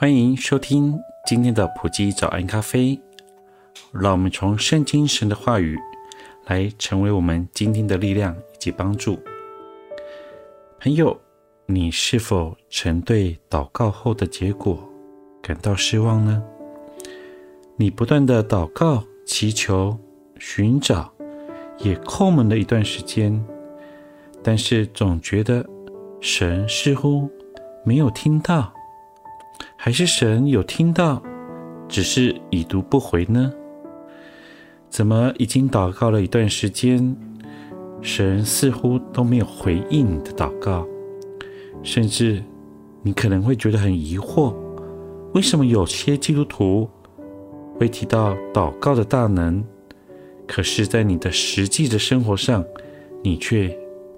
歡迎收聽今天的埔基早安咖啡。讓我們從聖經神的話語來成為我們今天的力量以及幫助。朋友，你是否曾對禱告後的結果感到失望呢？你不斷的禱告、祈求、尋找，也叩門了一段時間，但是總覺得神似乎沒有聽到。還是神有聽到，只是已讀不回呢？怎麼已經禱告了一段時間，神似乎都沒有回應你的禱告？甚至你可能會覺得很疑惑：為什麼有些基督徒會提到禱告的大能，可是，在你的實際的生活上，你卻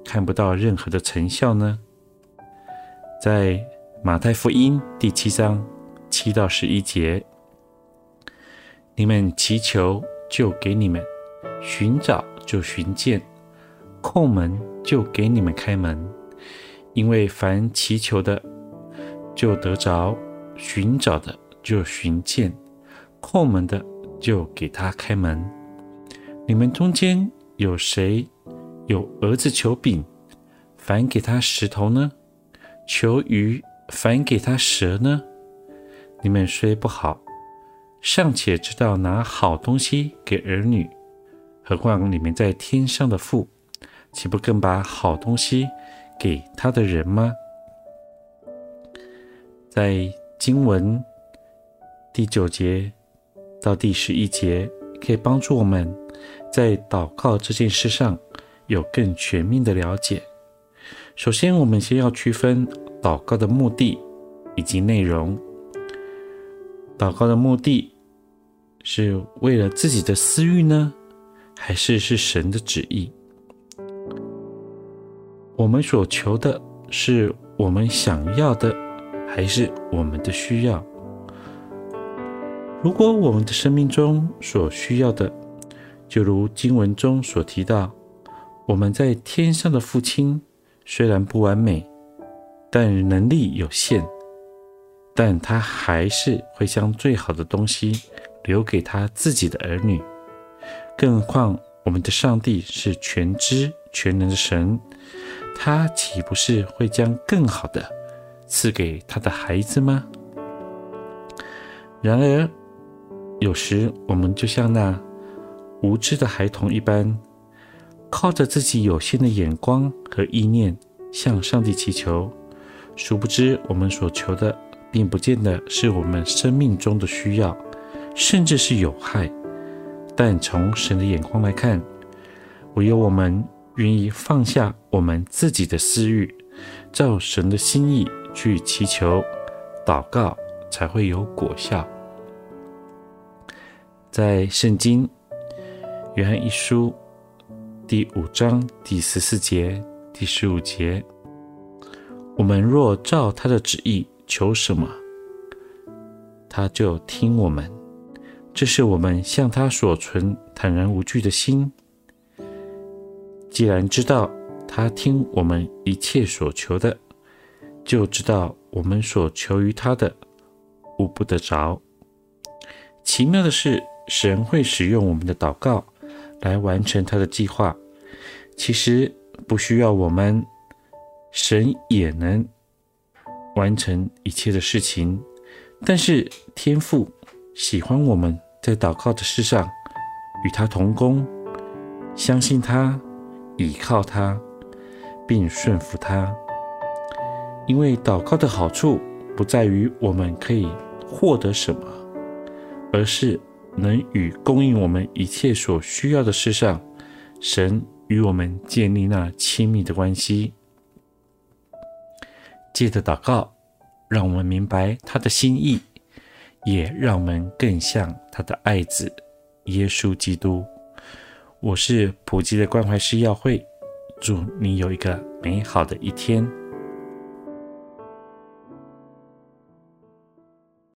看不到任何的成效呢？在。馬太福音第七章七到十一節：你們祈求，就給你們；尋找，就尋見；叩門，就給你們開門。因為凡祈求的，就得着；尋找的，就尋見；叩門的，就給他開門。你們中間有誰有兒子求餅，反給他石頭呢？求魚。反給他蛇呢？你們雖不好，尚且知道拿好東西給兒女，何況你們在天上的父，豈不更把好東西給他的人嗎？在經文第九節到第十一節，可以幫助我們在禱告這件事上有更全面的了解。首先，我們先要區分。禱告的目的以及內容，禱告的目的是為了自己的私欲呢？還是是神的旨意？我們所求的是我們想要的，還是我們的需要？如果我們的生命中所需要的，就如經文中所提到，我們在天上的父親雖然不完美，但能力有限，但他還是會將最好的東西留給他自己的兒女。更何況我們的上帝是全知全能的神，他豈不是會將更好的賜給他的孩子嗎？然而，有時我們就像那無知的孩童一般，靠着自己有限的眼光和意念向上帝祈求。殊不知，我們所求的，並不見得是我們生命中的需要，甚至是有害。但從神的眼光來看，唯有我們願意放下我們自己的私欲，照神的心意去祈求、禱告，才會有果效。在《聖經·約翰一書》第五章第十四節、第十五節。我們若照他的旨意求什麼，他就聽我們。這是我們向他所存坦然無懼的心。既然知道他聽我們一切所求的，就知道我們所求於他的，無不得着。奇妙的是，神會使用我們的禱告來完成他的計劃。其實不需要我們。神也能完成一切的事情，但是天父喜歡我們在禱告的事上與他同工，相信他，倚靠他，並順服他。因為禱告的好處不在於我們可以獲得什麼，而是能與供應我們一切所需要的事上，神與我們建立那親密的關係。借着禱告，讓我們明白他的心意，也讓我們更像他的愛子耶穌基督。我是埔基的關懷師耀慧，祝你有一個美好的一天。